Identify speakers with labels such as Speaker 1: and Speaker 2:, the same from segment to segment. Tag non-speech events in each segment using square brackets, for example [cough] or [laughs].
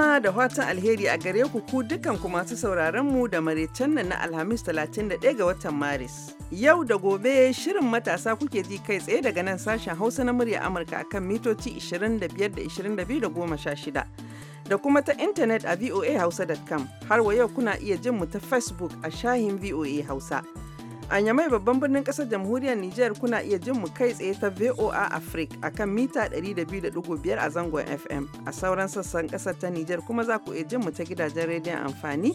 Speaker 1: sallama da watan alheri a gare ku ku dukan ku masu sauraron mu da maraicen nan na Alhamis 31 ga watan Maris. Yau da gobe shirin matasa kuke ji kai tsaye daga nan sashen Hausa na murya Amurka akan mitoci 25 da 22 da 16. Da kuma ta intanet a voahausa.com har wa yau kuna iya jin mu ta Facebook a shahin VOA Hausa. A Yamai babban birnin kasar jamhuriyar Nijar kuna iya jin mu kai tsaye ta VOA Africa a kan mita 200.5 a zangon FM. A sauran sassan kasar ta Nijar kuma za ku iya jin mu ta gidajen rediyon amfani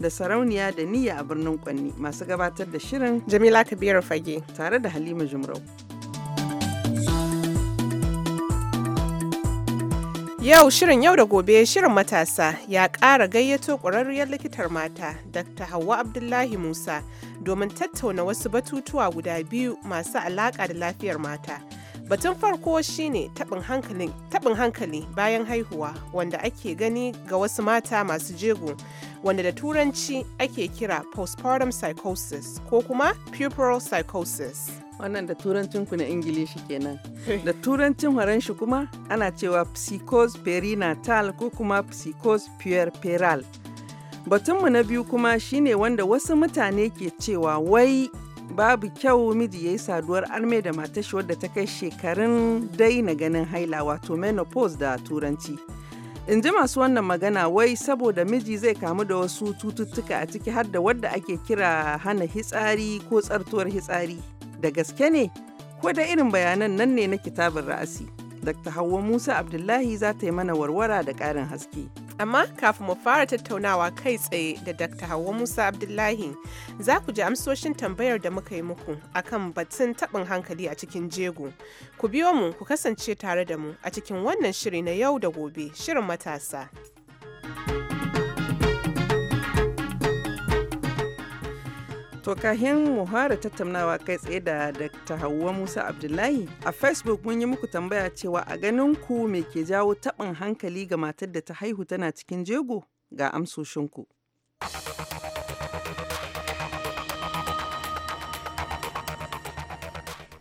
Speaker 1: da sarauniya da niyya a birnin Kwanni masu gabatar da shirin Jamila Kabiru Fage tare da Halima Jumrau.
Speaker 2: Yau shirin yau da gobe shirin matasa ya ƙara gayyato ƙwararriyar likitar mata Dr. Hauwa Abdullahi Musa domin tattauna wasu batutuwa guda biyu masu alaƙa da lafiyar mata. Batun farko shine taɓin hankali bayan haihuwa wanda ake gani ga wasu mata masu jego wanda da turanci ake kira postpartum psychosis ko kuma
Speaker 1: puberal psychosis. wannan da turancin ku na ingilishi kenan da turancin faranshi kuma ana cewa psychose perinatal ko kuma psychose puerperal batunmu na biyu kuma shine wanda wasu mutane ke cewa wai babu kyau miji ya yi saduwar arme da matashi wadda ta kai shekarun daina ganin haila wato menopause da turanci in ji masu wannan magana wai saboda miji zai kamu da wasu cututtuka a ciki har da wadda ake kira hana hitsari ko tsartuwar hitsari da gaske ne ko da irin bayanan nan ne na kitabin ra'asi dr hauwa musa abdullahi za ta yi mana warwara da ƙarin haske amma kafin mu
Speaker 2: fara tattaunawa kai tsaye da dr hauwa musa abdullahi za ku ji amsoshin tambayar da muka yi muku akan batun taɓin hankali a cikin jego ku biyo mu ku kasance tare da mu a cikin wannan shiri na yau da gobe shirin matasa.
Speaker 1: To kahin mu tattaunawa kai tsaye da Dr. Hauwa Musa Abdullahi a Facebook mun yi muku tambaya cewa a ganin ku me ke jawo taɓin hankali ga matar da ta haihu tana cikin jego ga amsoshinku.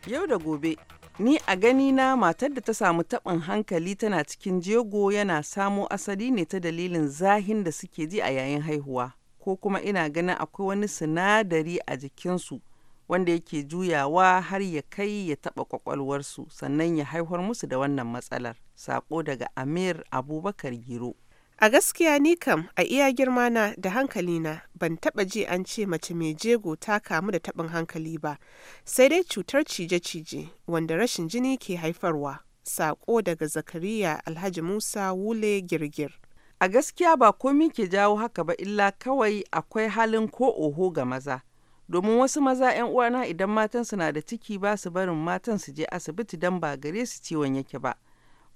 Speaker 1: Yau da gobe Ni a gani na matar da ta samu taɓin hankali tana cikin jego yana samo asali ne ta dalilin zahin da suke ji a yayin haihuwa. ko kuma ina ganin akwai wani sinadari a jikinsu wanda yake juyawa har ya kai ya taɓa kwakwalwarsu sannan ya haihuwar musu da wannan matsalar Saƙo daga amir abubakar giro a gaskiya ni kam
Speaker 2: a iya girmana da hankalina ban taɓa ji an ce mace mai jego ta kamu da taɓin hankali ba sai dai cutar cije-cije wanda rashin jini ke haifarwa
Speaker 1: Saƙo daga zakariya alhaji musa wule girgir A gaskiya ba komi ke jawo haka ba illa kawai akwai halin ko oho ga maza. Domin wasu maza 'yan uwana idan matansu na da ciki ba su barin matan su je asibiti don ba gare su ciwon yake ba.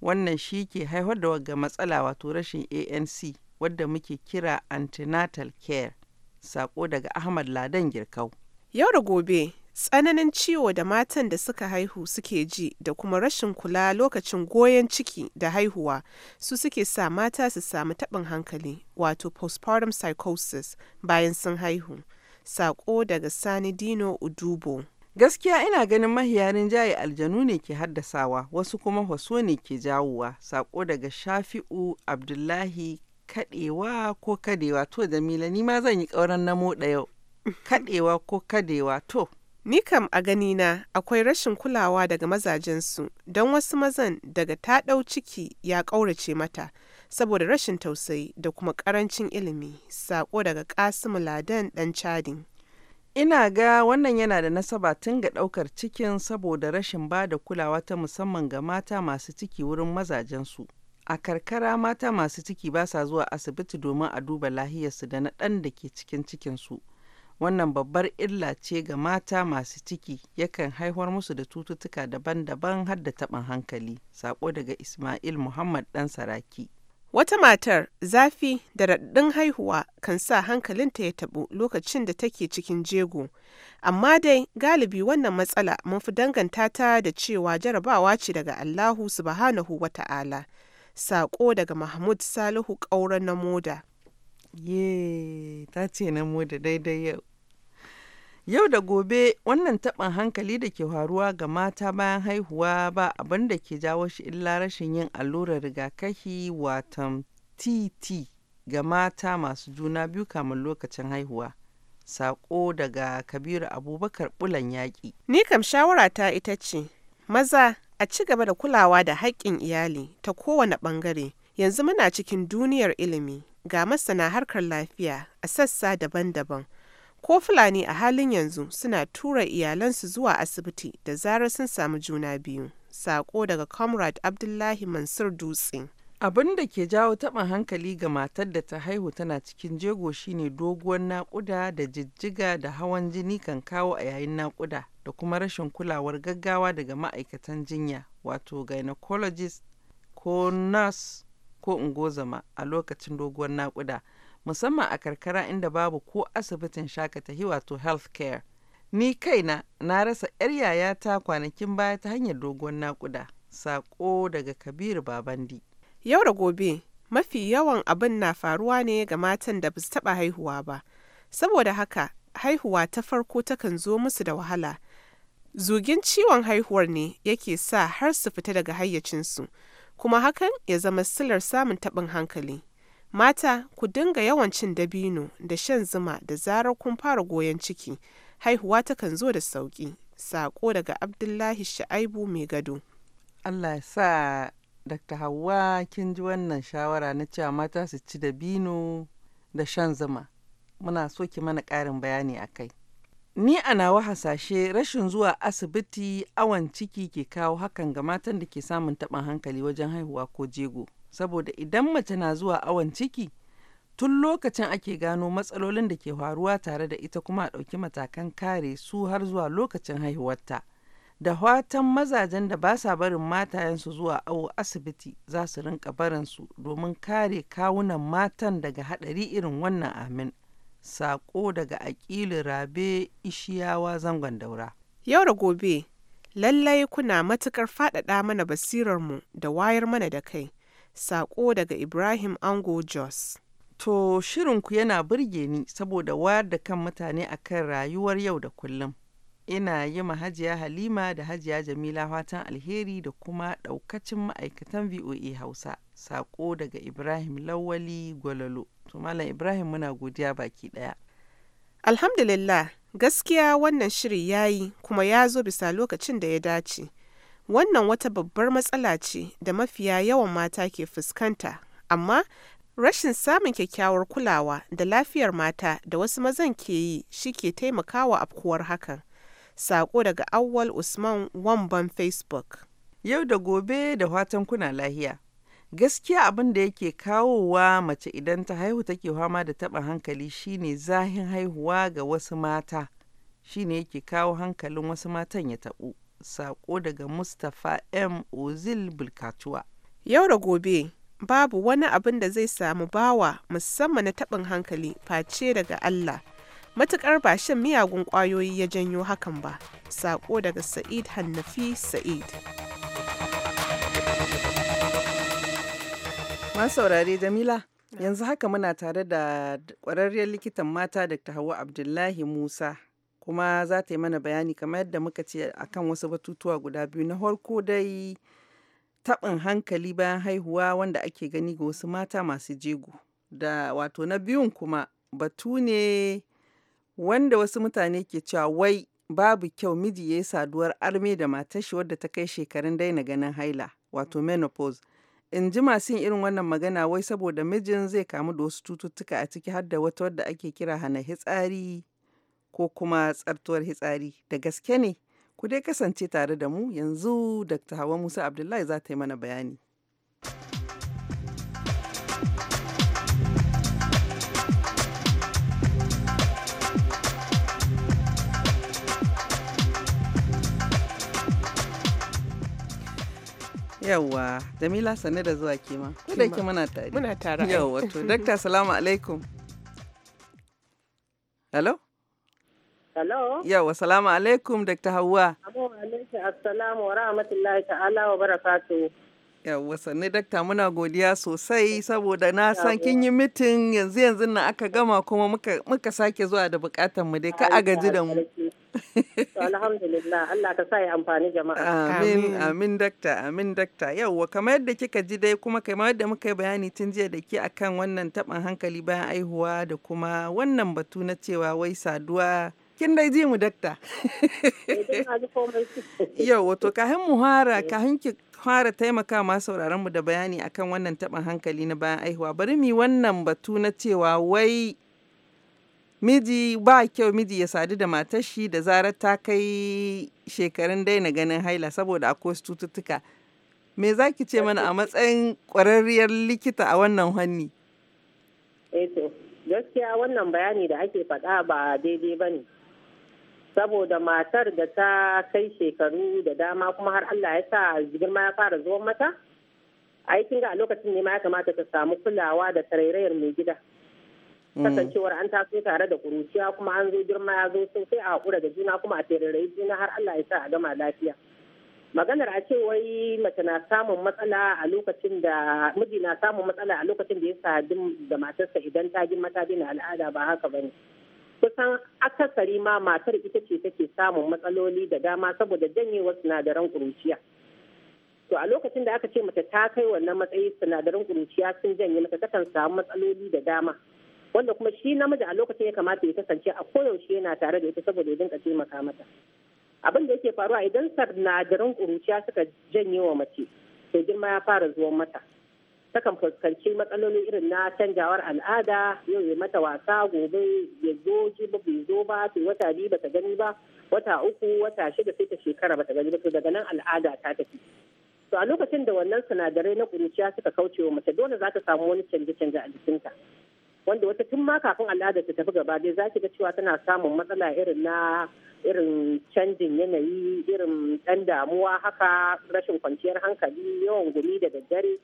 Speaker 1: Wannan shi ke haifar da wagga matsala wato rashin ANC wadda muke kira antenatal care. Sako daga Ahmad Ladan Girkau. Yau da
Speaker 2: gobe tsananin ciwo da matan da suka haihu suke ji da kuma rashin kula lokacin goyon ciki da haihuwa su suke sa mata su samu taɓin hankali wato postpartum psychosis bayan sun haihu sako daga sani dino
Speaker 1: udubo gaskiya ina ganin mahiyarin jaye aljanu ne ke haddasawa wasu kuma waso ne ke jawowa sako daga shafi'u abdullahi kadewa ko kadewa to jamila ni ma zan yi kauran namo yau kadewa ko kadewa
Speaker 2: to Ni kam a ganina akwai rashin kulawa daga mazajensu don wasu mazan daga ta ɗau ciki ya ƙaurace mata, saboda rashin tausayi da kuma ƙarancin
Speaker 1: ilimi, saƙo daga Ƙasimu Ladan ɗan cadin Ina ga wannan yana da nasaba tun ga ɗaukar cikin saboda rashin ba da kulawa ta musamman ga mata masu ciki wurin mazajensu. A karkara mata masu ciki ba sa zuwa asibiti domin a duba lahiyarsu da na ɗan da ke cikin cikinsu. Wannan babbar illa ce ga mata masu ciki, yakan haihuwar musu da cututtuka daban-daban har da taɓin hankali. Sako daga Ismail Muhammad ɗan Saraki. Wata matar zafi da
Speaker 2: raɗaɗin haihuwa kan sa hankalinta ya taɓu lokacin da take cikin jego, amma dai galibi wannan matsala mun fi danganta ta da cewa jarabawa ce daga Allahu subhanahu wa ta'ala. Saƙo daga Mahmud Salihu ƙauren na moda.
Speaker 1: Ye, ta ce na moda daidai yau. Yau da gobe wannan taɓin hankali da ke faruwa ga mata bayan haihuwa ba abin da ke jawo shi illa rashin yin allurar rigakafi watan TT ga mata masu juna biyu kamin lokacin haihuwa. Sako daga Kabiru Abubakar Bulan Yaƙi. Ni kam shawara ta ita ce, maza a ci gaba da kulawa
Speaker 2: da haƙƙin iyali ta kowane ɓangare. Yanzu muna cikin duniyar ilimi ga masana harkar lafiya a sassa daban-daban. ko Fulani a halin yanzu suna tura iyalansu zuwa asibiti da zarar sun samu juna biyu. Sako daga Comrade
Speaker 1: Abdullahi Mansur Dutse. Abin da ke jawo taɓin hankali ga matar da ta haihu tana cikin jego shine doguwar naƙuda da jijjiga da hawan jini kan kawo a yayin naƙuda da kuma rashin kulawar gaggawa daga ma'aikatan jinya wato gynecologist ko nurse ko ungozama a lokacin doguwar naƙuda. musamman a karkara inda babu ko asibitin shakatahi wato healthcare. Ni kaina na rasa 'yar yayata kwanakin baya ta hanyar dogon naƙuda. Saƙo daga Kabiru Babandi. Yau da gobe, mafi yawan abin na faruwa ne
Speaker 2: ga matan da ba su taɓa haihuwa ba. Saboda haka, haihuwa ta farko takan zo musu da wahala. Zugin ciwon haihuwar ne yake sa har su fita daga hayyacinsu, kuma hakan ya zama silar samun taɓin hankali. Mata, ku dinga yawan cin dabino da shan zuma da zarar kun fara goyon ciki, haihuwa takan
Speaker 1: zo da sauƙi. Saƙo daga Abdullahi Sha'aibu Mai Gado. Allah ya sa Dr. Hauwa kin ji wannan shawara na cewa mata su ci dabino da shan zuma. Muna so ki mana ƙarin bayani a kai. Ni a nawa hasashe rashin zuwa asibiti awon ciki ke kawo hakan ga matan da ke samun taɓin hankali wajen haihuwa ko jego. saboda idan mace na zuwa awon ciki tun lokacin ake gano matsalolin da ke faruwa tare da ita kuma a ɗauki matakan kare su har zuwa lokacin haihuwarta da fatan mazajen da ba sa barin matayensu zuwa awo asibiti za su rinka barinsu domin kare kawunan matan daga haɗari irin wannan amin sako daga aƙili rabe ishiyawa zangon daura yau da gobe lallai kuna matukar faɗaɗa mana basirarmu da wayar mana da kai Sako daga Ibrahim Ango Jos. To shirinku yana burge ni saboda wayar da kan mutane akan rayuwar yau da kullum. Ina yi ma Hajiya Halima da Hajiya Jamila fatan alheri da kuma ɗaukacin ma'aikatan VOA Hausa. Sako daga Ibrahim Lawali Gwalolo. To Malam Ibrahim muna godiya baki ɗaya.
Speaker 2: Alhamdulillah gaskiya wannan shiri yi kuma ya zo bisa lokacin da ya dace. Wannan wata babbar matsala ce da mafiya yawan mata ke fuskanta, amma rashin samun kyakkyawar kulawa da lafiyar mata da wasu mazan ke yi shi ke taimakawa afkuwar hakan.
Speaker 1: Sako daga Awwal Usman Wamban Facebook. Yau da gobe da fatan kuna lahiya. Gaskiya abin da yake kawowa mace idan ta haihu take fama da taɓin hankali shine zahin haihuwa ga wasu mata. Shine yake kawo hankalin wasu matan ya taɓu. Sako daga Mustapha M. Ozil Bulkatuwa. Yau da gobe, babu wani abin da zai samu bawa musamman
Speaker 2: na taɓin hankali face daga Allah. Matuƙar ba shan miyagun ƙwayoyi ya janyo hakan ba. Sako daga Sa'id Hannafi Sa'id.
Speaker 1: saurare Jamila, yanzu haka muna tare da ƙwararriyar likitan mata Dr. Hauwa Abdullahi Musa kuma za ta yi mana bayani kamar yadda muka ce akan wasu batutuwa guda biyu na harko dai taɓin hankali bayan haihuwa wanda ake gani ga wasu mata masu jego da wato na biyun kuma batu ne wanda wasu mutane ke cewa wai babu kyau miji ya yi saduwar arme da matar wadda ta kai shekarun daina ganin haila wato menopause in ji masu yin irin wannan magana wai saboda mijin zai kamu da wasu cututtuka a ciki har da wata wadda ake kira hana hitsari ko kuma tsartuwar hitsari da gaske ne ku dai kasance tare da mu yanzu dr hawa musa abdullahi za ta yi mana bayani yawwa jamila sane da zuwa kima ko da ke muna tare muna tare yawwa to dr [laughs] salamu alaikum hello
Speaker 3: Hello. Yawa,
Speaker 1: salamu alaikum, Dr. Hauwa.
Speaker 3: Assalamu wa rahmatullahi ta'ala wa barakatu. Yawa,
Speaker 1: sannu Dr. muna godiya sosai saboda na san kin yi mitin yanzu yanzu na aka gama kuma muka, sake zuwa da bukatan mu dai ka a gaji da mu.
Speaker 3: Alhamdulillah, Allah ka sa amfani jama'a. Amin,
Speaker 1: amin dakta, amin dakta. Yawa, kamar yadda kika ji dai kuma kamar yadda muka yi bayani tun jiya da ke akan wannan taɓin hankali bayan aihuwa da kuma wannan batu na cewa wai saduwa kin dai ji mu dakta yau wato kahin mu hara kahin ki fara taimaka ma sauraron mu da bayani akan wannan taɓin hankali na bayan aihuwa bari yi wannan batu na cewa wai miji ba kyau miji ya sadu da matar shi da zarar ta kai shekarun daina ganin haila saboda akwai cututtuka me za ki ce mana a matsayin kwararriyar likita a wannan hanni
Speaker 3: eh gaskiya wannan bayani da ake faɗa ba daidai ba ne saboda matar da ta kai shekaru da dama kuma har Allah ya sa girma ya fara zuwa mata aikin ga a lokacin ne ma ya kamata ta samu kulawa da tarairayar mai gida mm. kasancewar an taso tare da kuruciya kuma an zo girma ya zo sun sai a hakura da juna kuma a tarairayi juna har Allah ya sa a gama lafiya maganar a ce wai mace na samun matsala a lokacin da miji na samun matsala a lokacin da ya sadu da matarsa idan ta girma ta al'ada ba haka bane. kusan akasari ma matar ita ce take samun matsaloli da dama saboda janyewar sinadaran kuruciya to a lokacin da aka ce mata ta kai wannan matsayi sinadaran kuruciya sun janye mata takan samu matsaloli da dama wanda kuma shi namiji a lokacin ya kamata ya kasance a koyaushe yana tare da ita saboda ya dinka taimaka mata abin da yake faruwa idan sinadaran kuruciya suka janye wa mace to girma ya fara zuwa mata takan fuskanci matsaloli irin na canjawar al'ada yau ya mata wasa gobe ya zo ji ba bai zo ba sai wata biyu bata gani ba wata uku wata shida sai ta shekara bata gani ba to daga nan al'ada ta tafi to a lokacin da wannan sinadarai na ƙuruciya suka kauce wa mace dole za ta samu wani canje-canje a jikinta wanda wata tun ma kafin al'ada ta tafi gaba dai za ki ga cewa tana samun matsala irin na irin canjin yanayi irin ɗan damuwa haka rashin kwanciyar hankali yawan gumi da daddare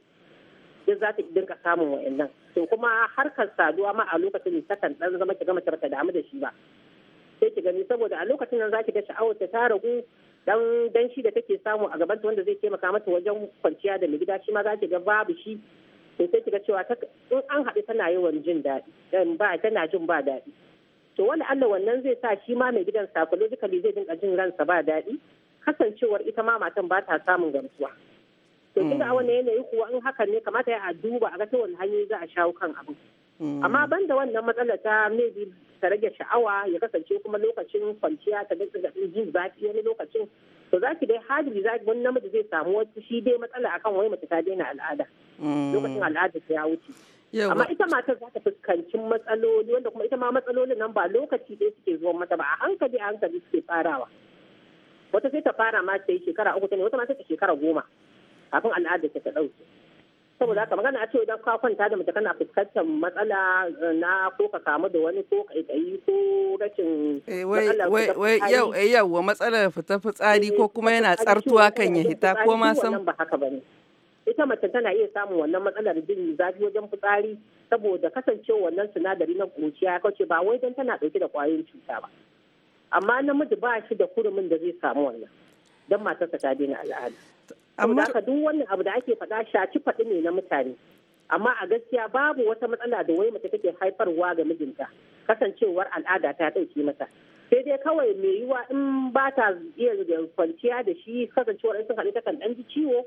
Speaker 3: duk za ta dinka samun wa'annan to kuma harkar saduwa ma a lokacin takan dan zama ki gama ta damu da shi ba sai ki gani saboda a lokacin nan za ki ga sha'awar ta ta ragu dan danshi da take samu a gabanta wanda zai taimaka mata wajen kwanciya da mai gida shi ma za ki ga babu shi to sai ki ga cewa in an haɗu tana yawan jin daɗi ba tana jin ba daɗi to wani Allah wannan zai sa shi ma mai gidan psychologically zai dinga jin ransa ba daɗi kasancewar ita ma matan ba ta samun gamsuwa to tunda a mm. wannan yanayi kuwa in haka ne kamata ya a duba a ga ta wani hanyoyi za a shawo kan abu
Speaker 4: mm. amma ban da wannan
Speaker 3: matsala ta maybe ta rage sha'awa ya kasance kuma lokacin kwanciya ta daga gaɗin jin zafi wani lokacin to za ki dai hadiri zaki wani namiji zai samu wata shi dai matsala akan wai mace ta daina al'ada mm. lokacin al'ada ta ya wuce amma ita matar za ta fuskanci matsaloli wanda kuma ita ma matsalolin nan ba lokaci ɗaya suke zuwa mata ba a hankali a hankali suke farawa wata sai ta fara ma ta yi shekara uku ta ne wata ma sai ta shekara goma kafin al'adar ta ɗauke saboda haka magana a ce idan ka kwanta da mace kana fuskantar matsala eh, na ko ka kamu da wani ko kaikayi ko rashin eh, wai yau eh,
Speaker 1: wa matsalar fita fitsari ko kuma yana tsartuwa kan ya hita ko ma san
Speaker 3: ita mace tana iya samun wannan matsalar jin zafi wajen fitsari saboda kasancewa wannan sinadari na kuciya ya kauce ba wai don tana dauke da kwayoyin cuta ba amma namiji ba shi da kurumin da zai samu wannan don matarsa ta daina al'ada. Amma ka duk wannan abu da ake faɗa shaci faɗi ne na mutane. Amma a gaskiya babu wata matsala da wai mace take haifarwa ga mijinta kasancewar al'ada ta ɗauke mata. Sai dai kawai mai yiwa in ba ta iya kwanciya da shi kasancewar in sun haɗu takan ɗan ji ciwo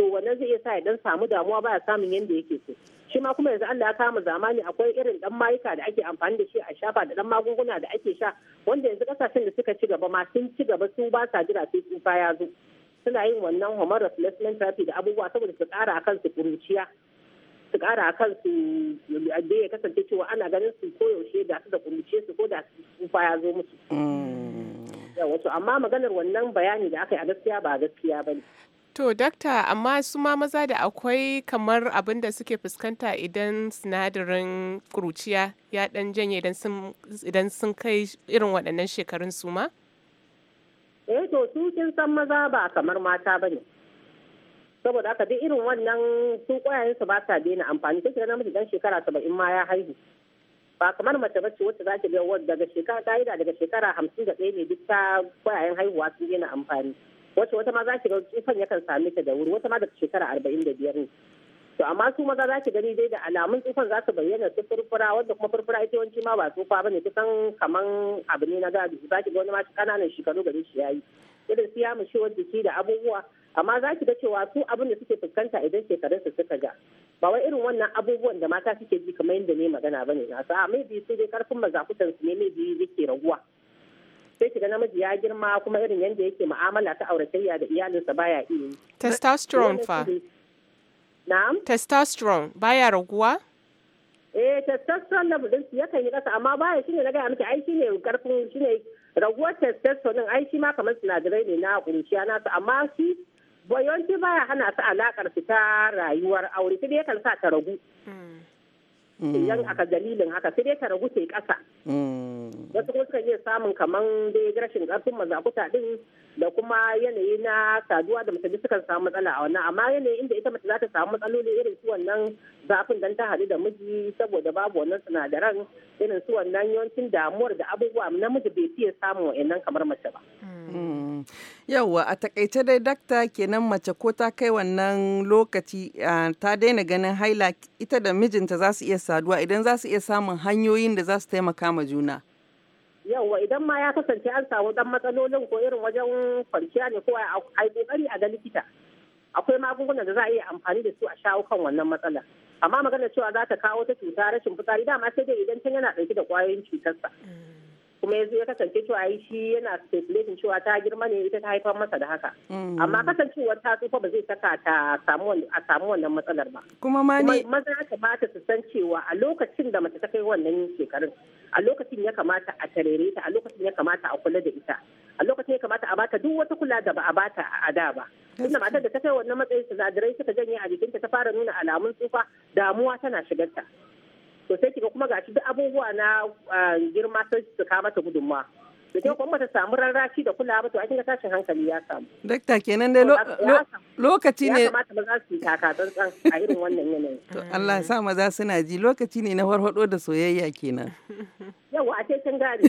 Speaker 3: to wannan zai iya sa ya dan samu damuwa baya samun yadda yake so shi ma kuma yanzu Allah ya kama zamani akwai irin dan mayuka da ake amfani da shi a shafa da dan magunguna da ake sha wanda yanzu kasashen da suka ci gaba ma sun ci gaba su ba sa jira sai tsufa ya zo suna yin wannan hormone replacement therapy da abubuwa saboda su kara akan su kuruciya su kara akan su da ya kasance cewa ana ganin su koyaushe da su da kuruciya su ko da tsufa ya zo musu. Mm. wato amma maganar wannan bayani da aka yi a gaskiya ba gaskiya ba ne. To, dakta, amma su ma
Speaker 2: maza da akwai kamar abin da suke fuskanta idan sinadarin ƙuruciya ya dan janye idan sun kai irin waɗannan shekarun su ma?
Speaker 3: Eh, to, su kin san maza ba kamar mata ba ne. Saboda aka duk irin wannan su ƙwayayen su ba sa daina amfani, duk da namiji dan shekara saba'in ma ya haihu. Ba kamar mace bace wacce za ta biya daga shekara ta daga shekara hamsin da ɗaya ne duk ta ƙwayayen haihuwa sun daina amfani. wacce wata ma za ki ga tsufan yakan same ta da wuri wata ma daga shekara arba'in da biyar ne to amma su maza za ki gani dai da alamun tsufan za su bayyana su furfura wanda kuma furfura ita yawanci ma ba tsufa ba ne kusan kaman abu ne na gadi za ki ga wani ma kananan shekaru gari shi yayi irin su ya wanda ki da abubuwa amma za ki ga cewa su abin da suke fuskanta idan shekarunsu suka ga ba wai irin wannan abubuwan da mata suke ji kamar yadda ne magana ne na sa mai bi sai dai karfin mazakutan su ne mai bi yake raguwa sai kiga namiji ya girma kuma irin yadda yake mu'amala ta auratayya da iyalinsa baya iya yi testosterone fa na'am
Speaker 2: testosterone baya raguwa
Speaker 3: eh testosterone na su yakan yi kasa amma baya shine na gaya miki ai shine karfin shine raguwar testosterone ai shi ma kamar sinadarai ne na kuruciya nasu amma shi ba baya hana su alakar su ta rayuwar aure sai dai kan sa ta ragu mm. idan mm. aka dalilin haka sai dai ta ragu sai kasa mm. wasu kuma sukan iya samun kaman dai rashin karfin mazakuta din da kuma yanayi na saduwa da mace sukan samu matsala a wannan amma yanayi inda ita mace za ta samu matsaloli irin su wannan zafin dan ta haɗu da miji saboda babu wannan sinadaran irin su wannan yawancin damuwar da abubuwa namiji bai fiye samun wa'annan kamar mace ba.
Speaker 1: Hmm. yauwa a takaice dai dakta kenan mace ko ta kai wannan lokaci ta daina ganin haila ita da mijinta za su iya saduwa idan za su iya samun hanyoyin da za su taimaka ma juna.
Speaker 3: yauwa idan ma ya kasance an samu dan matsalolin ko irin wajen kwanciya ne ko a kokari a ga likita akwai magungunan da za a iya amfani da su a shawo kan wannan matsalar amma magana cewa za ta kawo ta cuta rashin fitsari dama sai dai idan can yana ɗauke da kwayoyin cutarsa kuma yanzu ya kasance cewa yi shi yana speculating cewa ta girma ne ita ta haifar masa da haka mm. amma kasancewar ta tsufa ba zai saka ta samu a samu wannan matsalar ba kuma ma ne maza ta kamata su san cewa a lokacin da mace ta kai wannan shekarun a lokacin ya kamata a tarere ta a lokacin ya kamata a kula da ita a lokacin ya kamata a bata duk wata kula da ba a bata a da ba tunda matar da ta kai wannan matsayin sinadarai suka janye a jikinta ta fara nuna alamun tsufa damuwa tana shigarta to sai kiga kuma shi duk abubuwa na ah, girma sun su kama gudunmawa idan kuma ta samu rarraki da kulawa to a kinga tashin hankali ya samu
Speaker 1: dakta kenan dai
Speaker 3: lokaci ne ya kamata maza su yi taka tsantsan a irin wannan yanayi. [laughs] to
Speaker 1: Allah sa maza suna ji lokaci ne na farfado da soyayya kenan
Speaker 3: [laughs] yawa a cikin gari.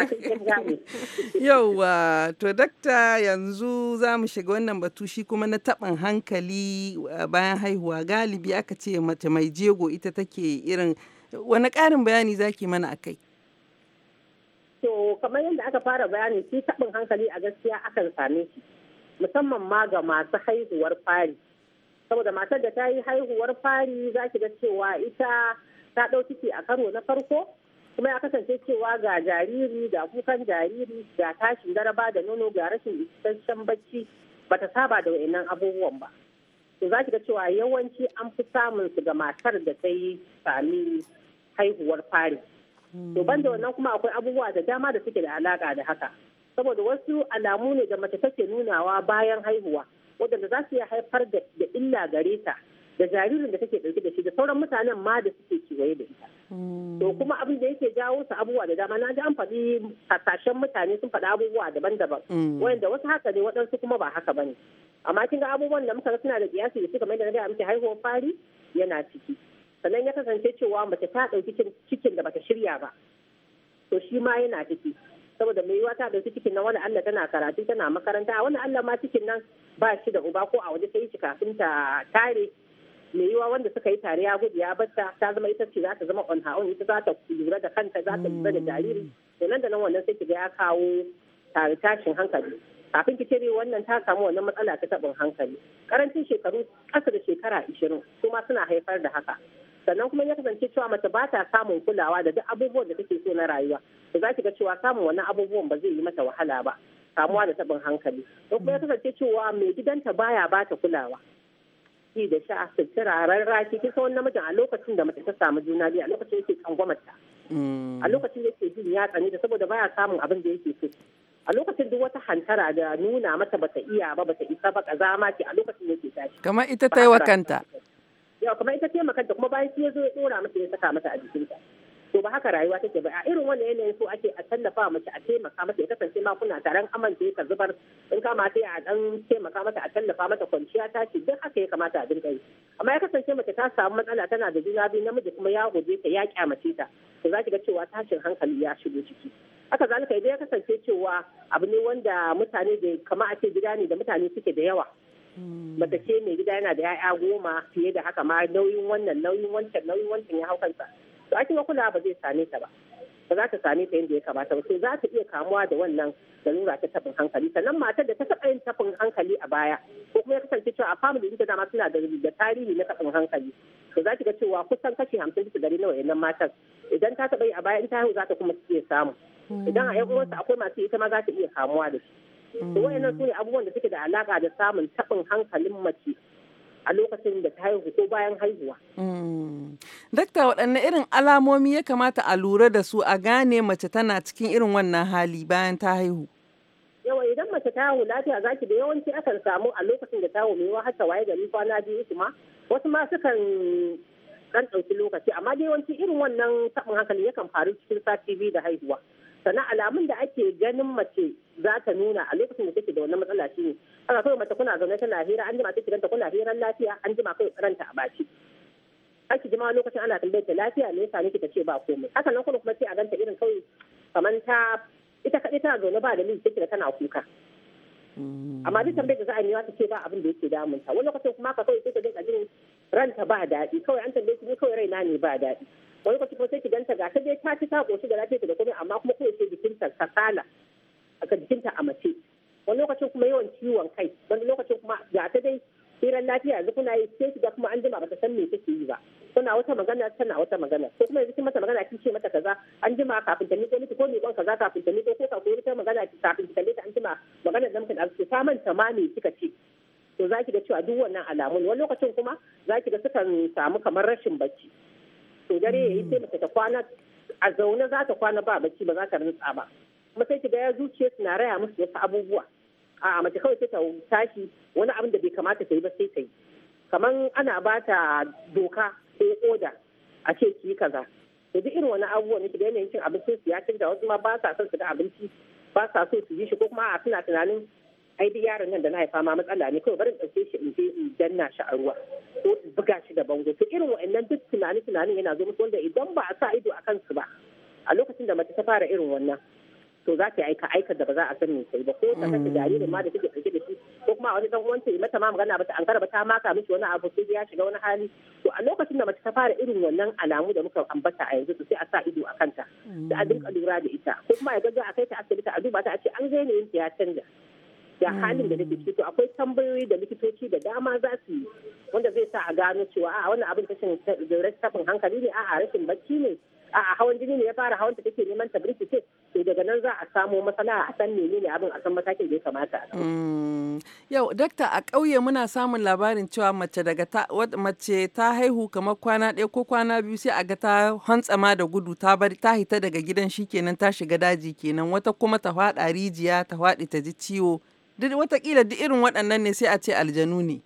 Speaker 3: a
Speaker 1: [laughs] yawa to dakta yanzu za mu shiga wannan batu shi kuma na taɓin hankali bayan haihuwa galibi aka ce mace mai jego ita take irin wani ƙarin bayani zaki mana a kai.
Speaker 3: to kamar yadda aka fara bayani shi taɓin hankali a gaskiya akan same shi musamman ma ga masu haihuwar fari saboda matar da ta yi haihuwar fari za ki ga cewa ita ta ɗau ciki a karo na farko kuma ya kasance cewa ga jariri ga kukan jariri ga tashin daraba da nono ga rashin isasshen bacci bata saba da wa'inan abubuwan ba to za ki ga cewa yawanci an fi samun su ga matar da ta yi sami haihuwar fari to ban da wannan kuma akwai abubuwa da dama da suke da alaka da haka saboda wasu alamu ne da mace take nunawa bayan haihuwa waɗanda za su iya haifar da illa gare ta da jaririn da take ɗauke da shi da sauran mutanen ma da suke kewaye da ita. Hmm. To kuma abin da yake jawo su abubuwa da dama na ji an faɗi hasashen mutane sun faɗi abubuwa daban-daban. Hmm. Wanda wasu haka ne waɗansu kuma ba haka bane. Amma kin ga abubuwan da muka ga suna da kiyasi da suka mai da na ga miki haihuwar fari yana ciki. sannan ya kasance cewa mace ta ɗauki cikin da bata shirya ba to shi ma yana ciki saboda mai yiwa ta ɗauki cikin nan wani Allah tana karatu tana makaranta a wani Allah ma cikin nan ba shi da uba ko a waje ta yi shi kafin ta tare mai yiwa wanda suka yi tare ya gudu ya batta ta zama ita ce za ta zama on her ita za ta lura da kanta za ta lura da jariri to nan da nan wannan sai ya kawo tare tashin hankali kafin ki cire wannan ta samu wannan matsala ta tabin hankali karancin shekaru kasa da shekara 20 kuma suna haifar da haka sannan kuma ya kasance cewa mace ba ta samun kulawa da duk abubuwan da take so na rayuwa to za ki ga cewa samun wani abubuwan ba zai yi mata wahala ba kamuwa da tabin hankali to kuma ya kasance cewa mai gidanta baya ba ta kulawa ki da sha sutura rarraki kisa wani namijin a lokacin da mace ta samu juna biyu a lokacin yake kan gwamnati mm. a lokacin yake jin ya tsani da saboda baya samun abin da yake so a lokacin duk wata hantara da nuna mata bata iya ba bata isa ba kaza ma ki a lokacin yake tashi
Speaker 1: kamar ita ta yi wa kanta
Speaker 3: ya kuma ita ce makanta kuma bayan shi ya zo ya dora mata ya saka mata a jikinta to ba haka rayuwa take ba a irin wannan yanayin so ake a tallafa mace a taimaka mata ya kasance ma kuna taron amince ka zubar in kama ta a dan taimaka mata a tallafa mata kwanciya ta ce duk haka ya kamata a dinga yi amma ya kasance mace ta samu matsala tana da juna biyu namiji kuma ya goje ta ya kyamace ta to za ki ga cewa tashin hankali ya shigo ciki haka zalika idan ya kasance cewa abu ne wanda mutane da kama a ce gida ne da mutane suke da yawa Hmm. mace ce mai gida yana da 'ya'ya goma fiye da haka ma nauyin wannan nauyin wancan nauyin wancan ya hau kansa to a cikin kulawa ba zai same ta ba ba za ta same ta yadda ya kamata ba sai za ta iya kamuwa da wannan lalura ta tafin hankali sannan matar da ta taɓa yin tafin hankali a baya ko kuma ya kasance cewa a family ɗinta dama suna da da tarihi na tafin hankali to za ki ga cewa kusan kashi hamsin bisa ɗari na wayannan matar idan ta taɓa yi a baya in ta haihu za ta kuma iya samu hmm. idan a yan uwansa akwai masu ita ma za ta iya kamuwa da shi
Speaker 1: to nan su
Speaker 3: abubuwan da suke da alaka da samun taɓin hankalin mace a lokacin da ta haihu ko bayan haihuwa.
Speaker 1: Mm. Dakta waɗanne irin alamomi ya kamata a lura da su a gane mace tana cikin irin wannan hali bayan ta haihu?
Speaker 3: Yawa idan mace ta haihu lafiya za ki da yawanci akan samu a lokacin da ta haihu mai hata waye gari kwana biyu su ma wasu ma sukan kan ɗauki lokaci amma dai yawanci irin wannan taɓin hankali yakan faru cikin sati biyu da haihuwa. sannan alamun da ake ganin mace za ta nuna a lokacin da take da wannan matsala shine ana kawai mace kuna zaune tana hira an jima take ganta kuna hiran lafiya an jima kai ranta a baki ake jima lokacin ana tambayar ta lafiya ne yasa nake ce ba komai haka nan kuma sai a ganta irin kawai kamar ta ita kaɗai tana zaune ba da miji take da tana kuka amma duk tambayar da za a yi ta ce ba abin da yake damun ta, wani lokacin kuma ka kawai sai ta dinga jin ranta ba daɗi kawai an tambaye ni kawai raina ne ba daɗi wani lokaci kuma sai ki ganta ga ta dai ta ci ta shi da ta da komai amma kuma kawai sai jikinta kasala aka jikinta a mace wani lokacin kuma yawan ciwon kai wani lokacin kuma ga ta dai tsiran lafiya yanzu kuna yi sai ga kuma an jima bata san me take yi ba kuna wata magana tana wata magana ko kuma yanzu kin mata magana kin ce mata kaza an jima kafin ta miƙo miki ko miƙon kaza kafin ta miƙo ko ka koyi ta magana kafin ta an jima magana da muka a su ta manta ma me kika ce to za ki ga cewa duk wannan alamun wani lokacin kuma za ki ga sukan samu kamar rashin bacci to dare ya yi sai mace ta kwana a zaune za ta kwana ba bacci ba za ta rantsa ba kuma sai ki ga ya zuciya na raya musu wasu abubuwa a mace kawai sai ta tashi wani abin da bai kamata ta yi ba sai ta yi kaman ana ba ta doka ko oda a ce ki kaza to duk irin wani ne ki da yanayin cin abincin su ya canza wasu ma ba sa son su da abinci ba sa so su yi shi ko kuma a suna tunanin ai duk yaron nan da na haifa ma matsala ne kawai bari in ɗauke shi in je in danna shi a ruwa ko in buga shi da bango to irin wa'annan duk tunani tunanin yana zo musu wanda idan ba a sa ido a kansu ba a lokacin da mace ta fara irin wannan to za ta aika aika da ba za a san me sai ba ko ta kace jaririn ma da take ɗauke da shi ko kuma wani dan uwanta yi mata ma magana ba ta ankara ba ta maka mishi wani abu sai ya shiga wani hali to a lokacin da mace ta fara irin wannan alamu da muka ambata a yanzu to sai a sa ido a kanta da a dinka lura da ita ko kuma ya gaza a kai ta asibiti a duba ta a ce an ga yin ta ya canja da halin da nake ciki akwai tambayoyi da likitoci da dama za su yi wanda zai sa a gano cewa a wannan abin tashin rashin hankali ne a rashin bacci ne a hawan jini ne ya fara hawan ta take neman ta ce to daga nan za a samo matsala a san ne abin a san matakin da ya kamata mm.
Speaker 1: yau dakta a ƙauye muna samun labarin cewa mace daga ta mace ta haihu kamar kwana ɗaya ko kwana biyu sai a ga ta hantsama da gudu ta bar ta hita daga gidan shikenan ta shiga daji kenan wata kuma ta faɗa rijiya ta faɗi ta ji ciwo duk watakila duk irin waɗannan ne sai a ce aljanu ne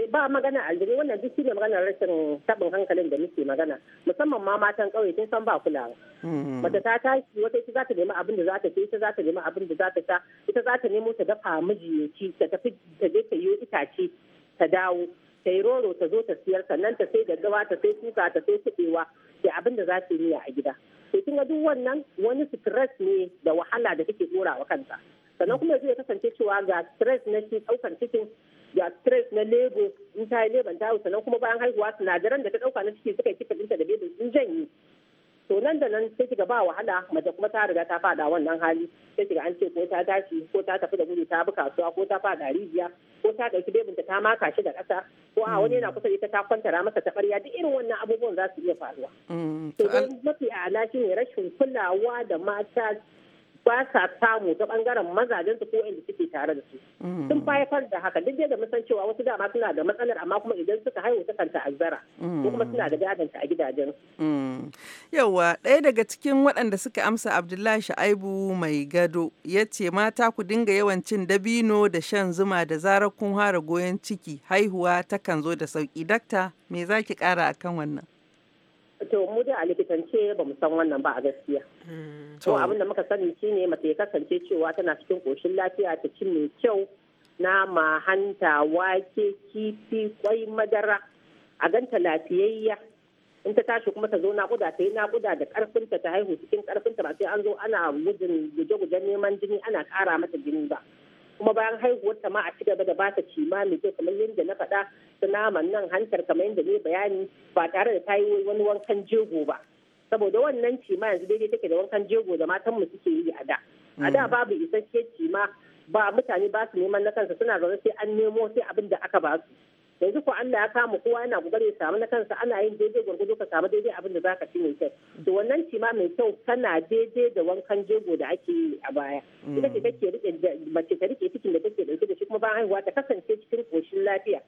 Speaker 3: eh, ba magana aljanu wannan duk shine maganar rashin tabin hankalin da muke magana musamman ma matan ƙauye tun san ba kulawa hmm. mace ta tashi wata ita za ta nemi abin da za ta ci ita za ta nemi abin da za ta sha ita za ta nemo ta dafa miji ya ci ta tafi ta je ta yi itace ta dawo ta yi roro ta zo ta siyar sannan ta sai gaggawa ta sai kuka ta sai kuɗewa da abin da za ta yi a gida Sai kin ga duk wannan wani stress ne da wahala da take ɗora wa kanta sannan kuma zai kasance cewa ga stress na shi ɗaukar cikin ga stress na lebo in ta yi leban ta sannan kuma bayan haihuwa sinadaran da ta ɗauka na ciki suka yi ɗinta da bebin sun janye to nan da nan sai kiga ba wahala mace kuma ta riga ta fada wannan hali sai shiga an ce ko ta tashi ko ta tafi da gudu ta bi kasuwa ko ta fada rijiya ko ta ɗauki bebinta ta maka shi da ƙasa ko a wani yana kusa ita ta kwantara masa ta ɓarya duk irin wannan abubuwan za su iya faruwa mm. to mafi a'ala ne rashin kulawa da mata ba sa samu ta bangaren mazajen su ko inda suke tare da su mm. sun faifar da haka duk da musan cewa wasu dama suna da matsalar amma kuma idan suka haihu kanta ta'azzara ko mm. kuma suna da ta a gidajen
Speaker 1: mm. yawa ɗaya daga cikin waɗanda suka amsa Abdullahi Shaibu mai gado ya ce mata ku dinga yawan cin dabino da shan zuma da zarar kun hara goyon ciki haihuwa ta kan zo da sauki dakta me zaki kara akan wannan
Speaker 3: to mu dai a likitance ba mu san wannan ba a gaskiya hmm, to abin da muka sani shine mace ya kasance cewa tana cikin koshin lafiya ta ci mai kyau nama hanta wake kifi kwai madara a ganta lafiyayya in ta tashi kuma ta zo nakuda ta yi nakuda da karfinta ta haihu cikin karfinta ba sai an zo ana gujin guje-gujen neman jini ana kara mata jini ba kuma bayan haihuwar ta ma a ci gaba da ba ta cima mai kyau kamar yadda na faɗa ta naman nan hantar kamar yadda ne bayani ba tare da ta yi wani wankan jego ba saboda wannan cima yanzu daidai take da wankan jego da matan mu suke yi a da a da mm. babu isasshe cima ba mutane ba su neman na kansa suna zaune sai an nemo sai abin da aka ba su yanzu ko Allah ya kama kowa yana kokari ya samu na kansa ana yin daidai gwargwado ka samu daidai abin da ka ci mai kyau da wannan cima mai kyau tana daidai da wankan jego da ake yi a baya ita ce mm. take rike mace ta rike cikin da take dauke da shi kuma bayan haihuwa ta kasance cikin koshin lafiya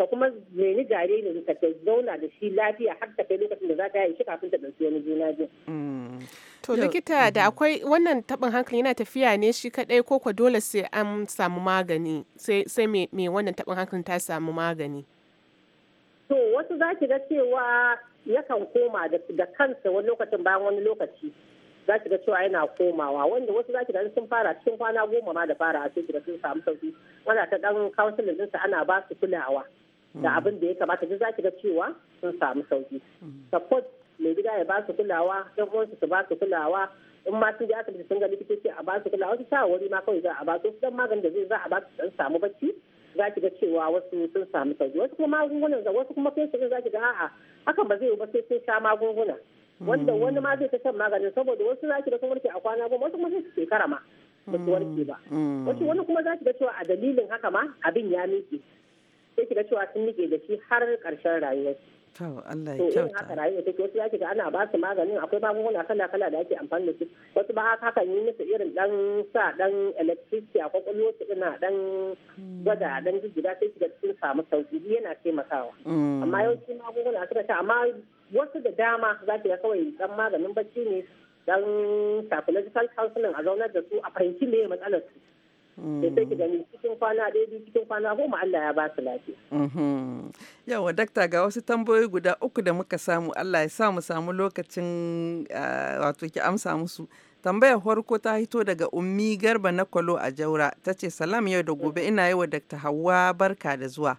Speaker 3: ka kuma reni jaririn ka ta zauna da shi lafiya har ta kai lokacin da za ta yi shi kafin ta ɗauki wani juna biyu. Mm.
Speaker 2: To likita mm-hmm. da akwai wannan taɓin hankali yana tafiya ne shi kaɗai ko kwa dole sai an samu magani sai mai wannan taɓin hankalin ta samu magani.
Speaker 3: To wasu za ki ga cewa yakan koma da kansa wani lokacin bayan wani lokaci. za ki ga cewa yana komawa wanda wasu za ki ga sun fara cikin kwana goma ma da fara a cikin da sun samu sauki wanda ta dan counseling ɗinsa ana ba su kulawa da abin da ya kamata duk ki ga cewa sun samu sauki support mai gida ya ba su kulawa ɗan uwansu su ba su kulawa in ma sun je asibiti sun ga likitoci a ba su kulawa wasu shawarwari ma kawai za a ba su dan maganin da zai za a ba su dan samu bacci za ki ga cewa wasu sun samu sauki wasu kuma magungunan za wasu kuma kai su za ki ga a'a hakan ba zai yi ba sai sun sha magunguna wanda hmm. wani ma zai ta shan maganin saboda wasu za ki ga sun warke a kwana goma wasu kuma sai su shekara ma ba su warke ba hmm. Hmm. wasu wani kuma za ki ga cewa a dalilin haka ma abin ya miƙe sai kiga cewa sun nike da shi har karshen rayuwar
Speaker 1: to Allah ya kyauta
Speaker 3: haka rayuwa take wasu yake ga ana ba su maganin akwai magunguna kala kala da ake amfani da su wasu ba haka kan yi musu irin dan sa dan electricity a kwakwalwa su ina dan gwada dan jijjiga sai kiga sun samu sauki yana taimakawa mm. amma yawanci magunguna suka ta amma wasu da dama za ki ga kawai dan maganin bacci ne dan psychological counseling a zaunar da su a fahimci me matsalar su sai ki gani cikin kwana ɗaya biyu Allah ya ba su lafiya.
Speaker 4: Mhm.
Speaker 1: Yawa dakta ga wasu tambayoyi guda uku da muka samu Allah ya sa mu samu lokacin ah, wato ki amsa musu. Tambayar farko ta hito daga Ummi Garba na Kwalo a Jaura ta ce salam yau da gobe ina yi wa dakta hawwa barka da zuwa.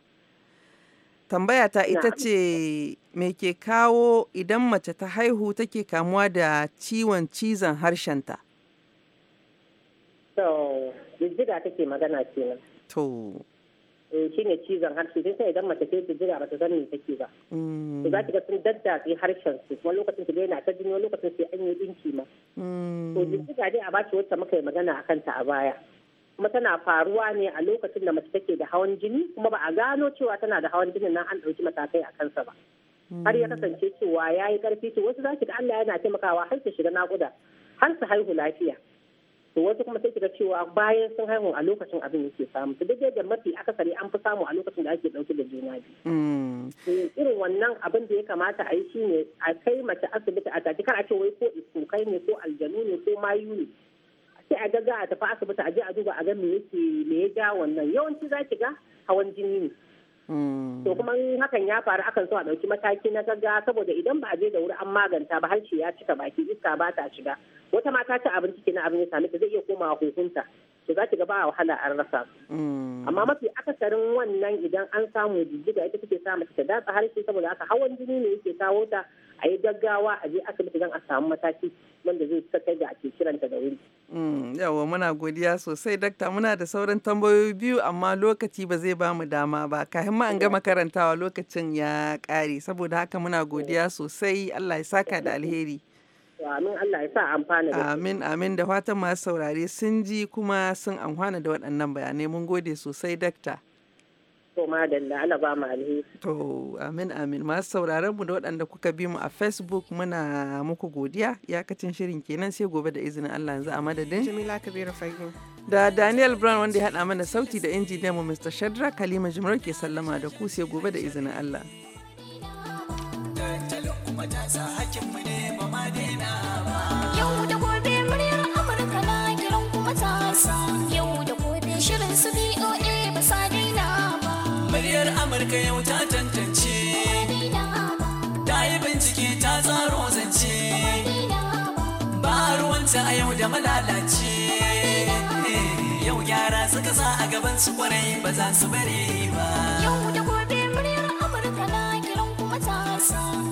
Speaker 1: tambaya ta ita ce me ke kawo idan mace ta haihu take kamuwa da ciwon cizon harshenta?
Speaker 3: jijjiga take magana kenan to eh, shi ne cizon harshe sai sai idan mace ce jijjiga ba ta san me take ba
Speaker 4: mm. to za ki
Speaker 3: ga sun daddatse harshen su kuma lokacin ki yana ta jini lokacin sai an yi dinki ma
Speaker 4: mm. to
Speaker 3: jijjiga dai a ba shi wacce muka yi magana a kanta a baya kuma tana faruwa ne a lokacin da mace take da hawan jini kuma ba a gano cewa tana da hawan jini na an ɗauki matakai a kansa ba har ya mm. kasance cewa ya yi ƙarfi to wasu za ki ga Allah yana taimakawa har su shiga naƙuda har su haihu lafiya to wasu kuma sai kiga cewa bayan sun haihu a lokacin abin yake samu to duk da mafi akasari an fi samu a lokacin da ake dauke da juna biyu
Speaker 4: mm.
Speaker 3: irin wannan abin da ya kamata a yi shine a kai mace asibiti a tafi kar a ce wai ko iskokai ne ko aljanu ne ko mayu ne sai a gaga a tafi asibiti a je a duba a ga me yake me ya ja wannan yawanci za ki ga hawan jini ne Mm. to kuma hakan ya faru akan so a ɗauki mataki na gaggawa saboda idan ba a je da wuri an maganta ba harshe ya cika baki iska ba ta shiga wata mata ta abinci kenan abin ya sami ta zai iya komawa hukunta to za ki ga ba wahala an rasa
Speaker 4: su mm. amma
Speaker 3: mafi akasarin wannan idan an samu jijjiga ita take sa mace ta datsa harshe saboda haka hawan jini ne yake kawo ta a yi gaggawa a je asibiti don a samu mataki wanda zai sakai da ake kiranta da wuri.
Speaker 1: Mm, yawa muna godiya sosai dakta muna da sauran tambayoyi biyu amma lokaci ba zai bamu dama ba kafin ma an gama karantawa lokacin ya kare saboda haka muna godiya sosai Allah ya saka da alheri. Amin amin da fatan masu saurare sun ji kuma sun amfana da waɗannan bayanai mun gode sosai dakta.
Speaker 3: To Allah ba mu alheri.
Speaker 1: amin amin masu sauraron mu da waɗanda kuka bi mu a Facebook muna muku godiya iyakacin shirin kenan sai gobe da izinin Allah yanzu a madadin. Jamila Kabiru Fahim. Da Daniel Brown wanda ya haɗa mana sauti da injiniyan mu Mr. Shadrack kalima Jumar ke sallama da ku sai gobe da izinin Allah. mata a yau da malalaci yau gyara suka sa a gaban su kwarai ba za su bari ba yau da gobe muryar amurka na kiran kuma ta